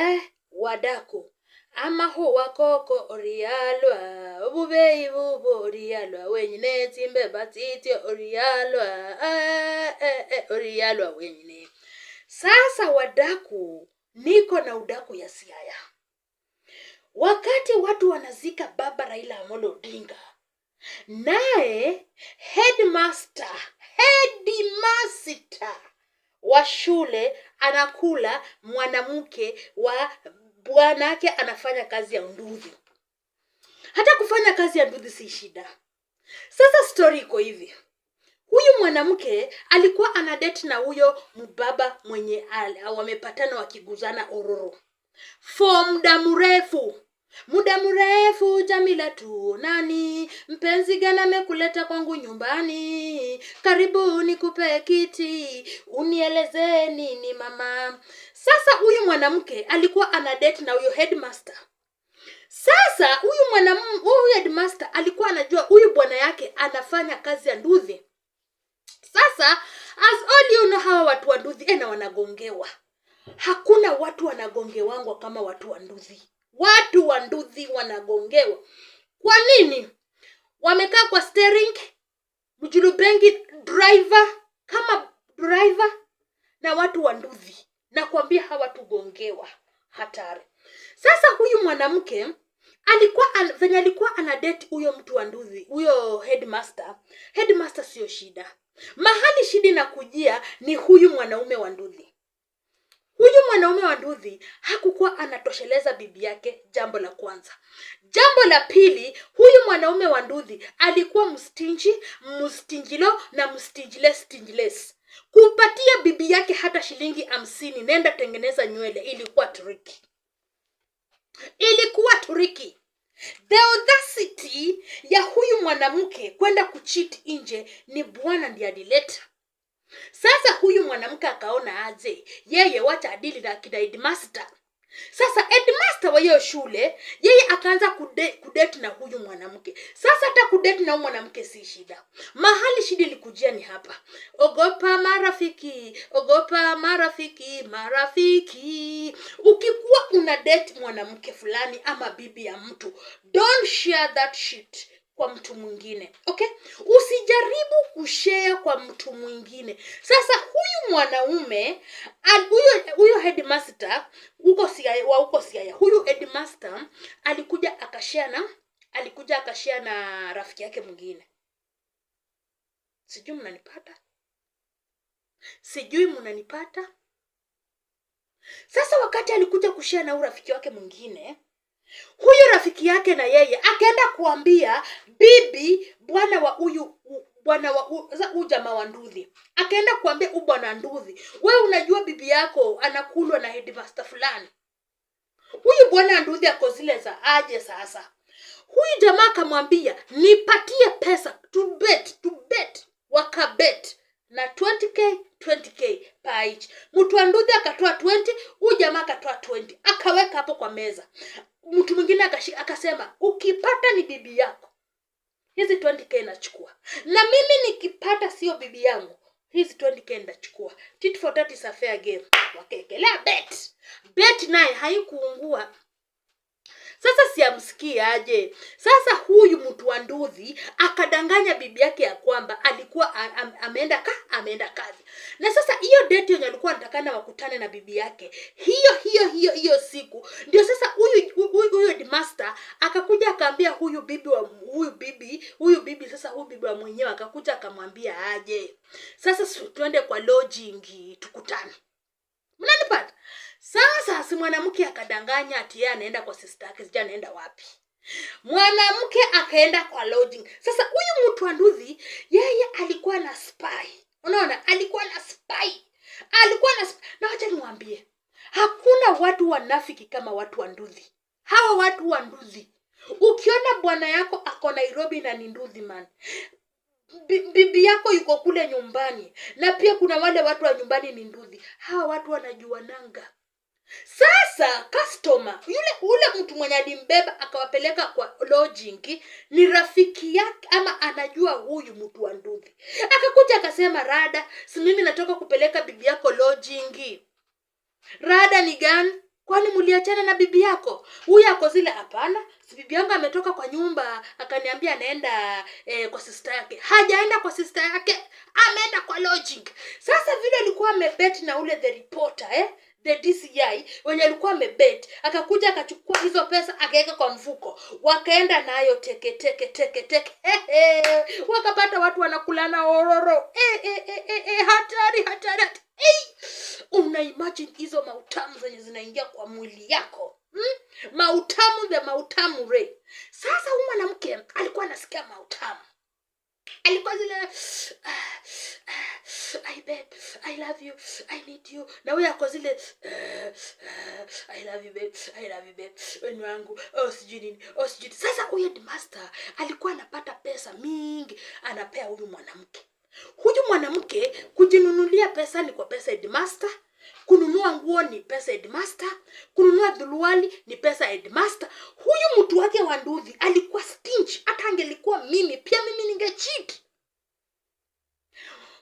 Eh? wadako amahu wakoko oriyalwa obubeyi bubo oriyalwa wenyine etsimbe batsitye oriyalwa eh, eh, oriyalwa wenyine sasa wadaku niko na udaku ya siaya wakati watu wanazika baba raila amolo odinga naye headmaster headmaster wa shule anakula mwanamke wa bwanake anafanya kazi ya nduthi. Hata kufanya kazi ya nduthi si shida. Sasa stori iko hivi, huyu mwanamke alikuwa ana date na huyo mbaba mwenye wamepatana wakiguzana ororo for muda mrefu Muda mrefu Jamila tu nani mpenzi gani amekuleta kwangu nyumbani? Karibu nikupe kiti, unieleze nini mama. Sasa huyu mwanamke alikuwa ana date na huyo headmaster. Sasa huyu mwanamume huyu headmaster alikuwa anajua huyu bwana yake anafanya kazi ya nduthi. Sasa as all you know, hawa watu wa nduthi ena eh, wanagongewa. Hakuna watu wanagongewangwa kama watu wa nduthi watu wa nduthi wanagongewa. Kwa nini wamekaa kwa steering, mjulubengi driver kama driver na watu wa nduthi? Nakwambia hawatugongewa, hatari. Sasa huyu mwanamke alikuwa al, venye alikuwa ana date huyo mtu wa nduthi, huyo headmaster. Headmaster sio shida, mahali shida inakujia ni huyu mwanaume wa nduthi. Huyu mwanaume wa Nduthi hakukuwa anatosheleza bibi yake, jambo la kwanza. Jambo la pili, huyu mwanaume wa Nduthi alikuwa mstinji, mstinjilo na mstinjile stinjiles. Kumpatia bibi yake hata shilingi hamsini, nenda tengeneza nywele, ilikuwa turiki, ilikuwa turiki. The audacity ya huyu mwanamke kwenda kuchiti nje, ni bwana ndiye alileta sasa huyu mwanamke akaona aje, yeye wacha adili na kina headmaster. Sasa headmaster wa hiyo shule yeye akaanza kude, kudeti na huyu mwanamke. Sasa hata kudeti na huyu mwanamke si shida, mahali shida ilikujia ni hapa. Ogopa marafiki, ogopa marafiki, marafiki. Ukikuwa una date mwanamke fulani ama bibi ya mtu, don't share that shit kwa mtu mwingine okay? Usijaribu kushare kwa mtu mwingine. Sasa huyu mwanaume huyo huyo headmaster uko Siaya, wa uko Siaya, huyu headmaster alikuja akashare na alikuja akashare na rafiki yake mwingine. Sijui mnanipata, sijui mnanipata. Sasa wakati alikuja kushare na rafiki wake mwingine Huyu rafiki yake na yeye akaenda kuambia bibi bwana wa huyu bwana wa huyu jamaa wa Nduthi, akaenda kuambia huyu bwana Nduthi, wewe unajua bibi yako anakulwa na headmaster fulani. Huyu bwana Nduthi ako zile za aje sasa. Huyu jamaa akamwambia nipatie pesa to bet, to bet. Wakabet na 20k 20k pa Mtu wa Nduthi akatoa 20, huyu jamaa akatoa 20, akaweka hapo kwa meza mtu mwingine akasema ukipata ni bibi yako hizi 20k nachukua na mimi nikipata sio bibi yangu hizi 20k ndachukua tit for tat is a fair game wakekelea bet bet naye haikuungua sasa siamsikii aje? Sasa huyu mtu wa nduzi akadanganya bibi yake ya kwamba alikuwa ameenda ka ameenda kazi, na sasa hiyo date yenye alikuwa anatakana wakutane na bibi yake hiyo hiyo hiyo hiyo siku ndio sasa huyu huyu huyu master akakuja akaambia huyu bibi wa huyu bibi huyu bibi sasa huyu bibi wa mwenyewe akakuja akamwambia aje, sasa tuende kwa lodging tukutane mnanipata sasa si mwanamke akadanganya ati yeye anaenda kwa sister yake sija anaenda wapi mwanamke akaenda kwa lodging sasa huyu mtu wa nduthi yeye alikuwa na spy unaona alikuwa na spy alikuwa na spy. na wacha niwaambie hakuna watu wanafiki kama watu wa nduthi hawa watu wa nduthi ukiona bwana yako ako nairobi na ni nduthi man bibi yako yuko kule nyumbani na pia kuna wale watu wa nyumbani ni ndudhi hawa watu wanajua nanga sasa customer yule ule mtu mwenye alimbeba akawapeleka kwa lodging ni rafiki yake ama anajua huyu mtu wa ndudhi akakuja akasema rada si mimi natoka kupeleka bibi yako lodging rada ni gani Kwani mliachana na bibi yako? Huyu ako zile hapana. Si bibi yangu ametoka kwa nyumba akaniambia anaenda eh, kwa sister yake. Hajaenda kwa sister yake, ameenda kwa lodging. Sasa vile alikuwa amebet na ule the reporter eh? The DCI wenye alikuwa amebet akakuja akachukua hizo pesa akaweka kwa mfuko, wakaenda nayo teke teke teke teke eh, eh. Wakapata watu wanakulana ororo eh, eh, eh, eh, eh hatari hatari, hatari hey! una imagine hizo mautamu zenye zinaingia kwa mwili yako hmm? mautamu the mautamu re sasa huu mwanamke alikuwa anasikia mautamu alikuwa zile uh, uh, I babe, I love you, I need you. Na huyo ako zile uh, uh, I love you babe, I love you babe, wenu wangu, oh sijui nini, oh sijui. Sasa huyo ni master alikuwa anapata pesa mingi, anapea huyu mwanamke Huyu mwanamke kujinunulia pesa ni kwa pesa headmaster, kununua nguo ni pesa headmaster, kununua dhuluali ni pesa headmaster. Huyu mtu wake wa nduthi alikuwa stinch, hata angelikuwa mimi pia mimi ningechiti.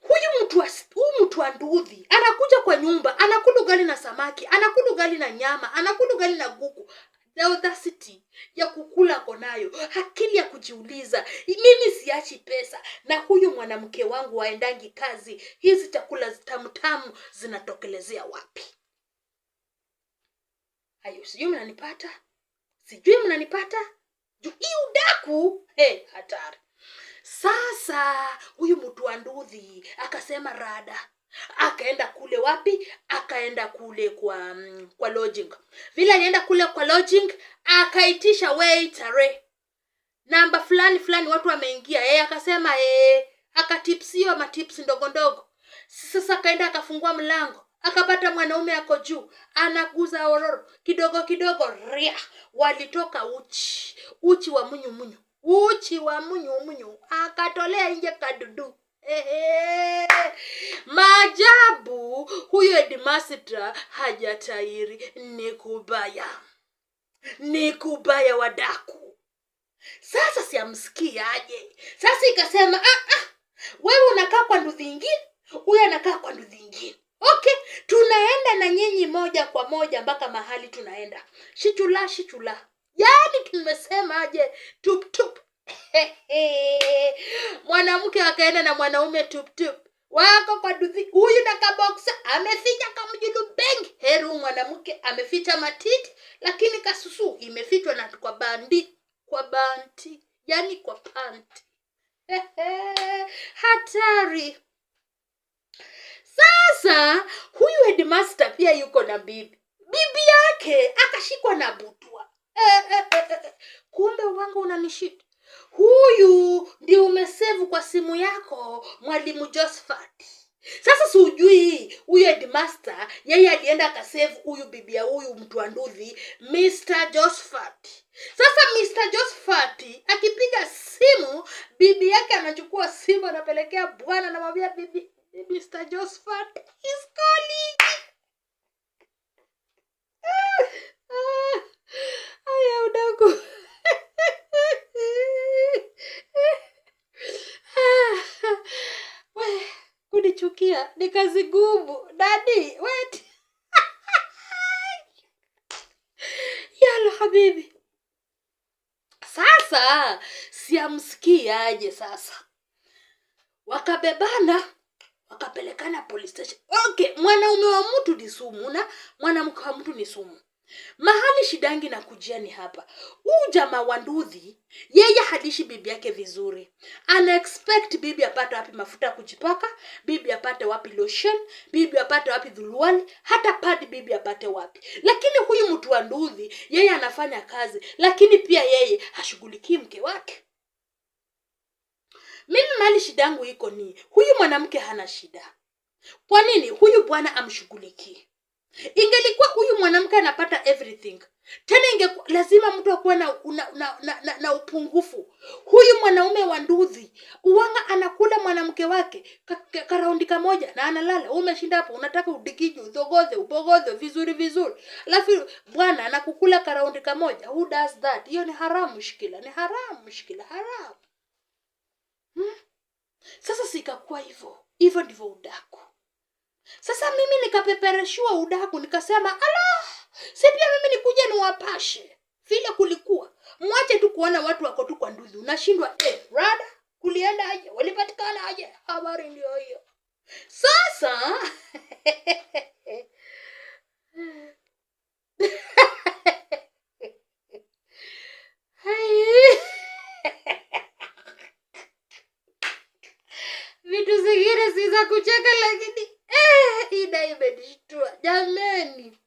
Huyu mtu huyu mtu wa nduthi anakuja kwa nyumba, anakula ugali na samaki, anakula ugali na nyama, anakula ugali na kuku, na audacity ya kukula ako nayo, akili ya kujiuliza, mimi siachi pesa na huyu mwanamke wangu waendangi kazi, hizi chakula zitamtamu zinatokelezea wapi? Ayo, sijui mnanipata, sijui mnanipata juu hii udaku hey, hatari. Sasa huyu mtu wa ndudhi akasema rada akaenda kule wapi akaenda kule kwa um, kwa lodging vile alienda kule kwa lodging akaitisha waitare namba fulani fulani watu wameingia yeye akasema ee, akatipsiwa matips ndogo ndogo sasa akaenda akafungua mlango akapata mwanaume ako juu anaguza ororo kidogo kidogo ria walitoka uchi uchi wa munyu munyu uchi wa munyu munyu akatolea nje kadudu Maajabu, huyo Edmastra hajatairi. Ni kubaya, ni kubaya wadaku. Sasa siamsikiaje? Sasa ikasema ah, ah, wewe unakaa kwa nduthi ingine, huyo anakaa kwa nduthi ingine. Okay, tunaenda na nyinyi moja kwa moja mpaka mahali tunaenda. Shichula, shichula, yaani aje? Tup tup mwanamke akaenda na mwanaume tuptup wako kwa duzi huyu na nakaboksa ameficha beng heru mwanamke ameficha matiti lakini kasusu imefichwa na kwa bandi kwa banti yani kwa panti hatari sasa huyu headmaster pia yuko na bibi bibi yake akashikwa na butua eh, eh, eh, kumbe wangu unanishita huyu ndio umesevu kwa simu yako mwalimu Josephat. Sasa sijui huyo headmaster yeye alienda akasave huyu bibia huyu mtu anduthi Mr. Josephat. Sasa Mr. Josephat akipiga simu, bibi yake anachukua simu anapelekea bwana, anamwambia bibi, Mr. Josephat is calling. Ah, ah, haya udaku niliyochukia ni kazi gumu Dadi wait yalo habibi, sasa siamsikiaje? Sasa wakabebana wakapelekana police station. Okay, mwanaume wa mtu ni sumu na mwanamke wa mtu ni sumu mahali shidangi na kujia ni hapa huu jamaa wa nduthi yeye halishi bibi yake vizuri ana expect bibi apate wapi mafuta ya kujipaka bibi apate wapi lotion bibi apate wapi dhuluali hata padi bibi apate wapi lakini huyu mtu wa nduthi yeye anafanya kazi lakini pia yeye hashughulikii mke wake mimi mali shidangu iko ni huyu mwanamke hana shida kwa nini huyu bwana amshughulikii ingelikuwa huyu mwanamke anapata everything tena inge lazima mtu akuwe na, na, na, na, na upungufu. Huyu mwanaume wa nduzi uwanga anakula mwanamke wake karaundi ka, ka kamoja na analala. Umeshinda hapo, unataka udikiji udhogoze, ubogoze vizuri vizuri, alafu bwana anakukula karaundi kamoja. Who does that? Hiyo ni haramu shikila, ni haramu shikila, haramu hmm. Sasa sikakuwa hivyo hivyo, ndivyo udaku sasa mimi nikapepereshiwa udaku, nikasema ala, si pia mimi nikuja niwapashe vile kulikuwa. Mwache tu kuona watu wako tu kwa nduzi, unashindwa eh, rada kulienda aje, walipatikana aje? Habari ndio hiyo sasa. vitu zingine si za kucheka, lakini naye imejishtua jameni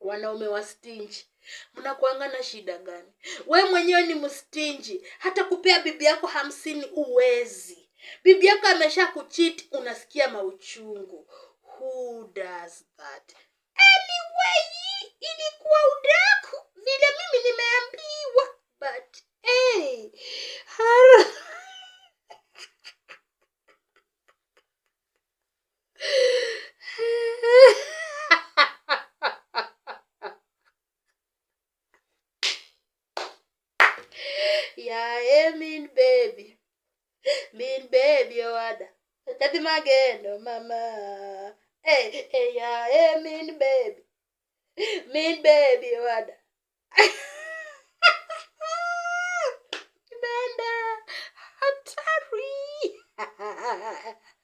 wanaume wa stinji mnakuanga na shida gani we mwenyewe ni mstinji hata kupea bibi yako hamsini uwezi bibi yako amesha kuchiti unasikia mauchungu who does that Yeah, hey, mean baby. Mean baby, oh, Oada. Happy Magendo, mama. Hey, hey, yeah, hey, mean baby. Mean baby, oh, Oada. Kibanda, hatari.